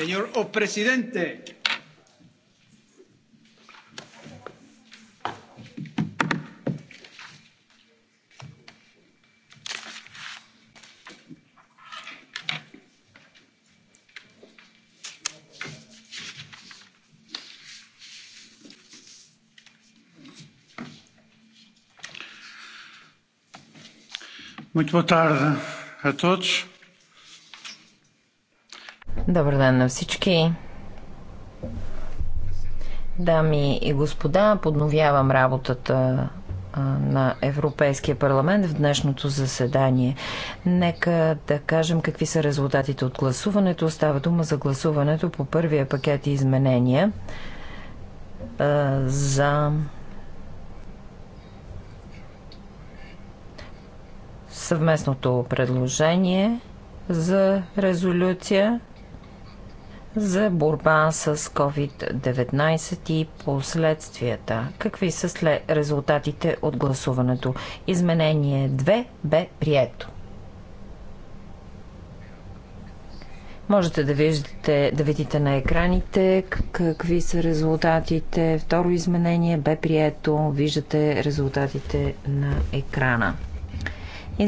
Señor o presidente. Muito boa tarde a todos. Добър ден на всички. Дами и господа, подновявам работата на Европейския парламент в днешното заседание. Нека да кажем какви са резултатите от гласуването. Става дума за гласуването по първия пакет и изменения за съвместното предложение за резолюция за борба с COVID-19 и последствията. Какви са след резултатите от гласуването? Изменение 2 бе прието. Можете да виждате, да видите на екраните какви са резултатите. Второ изменение бе прието. Виждате резултатите на екрана.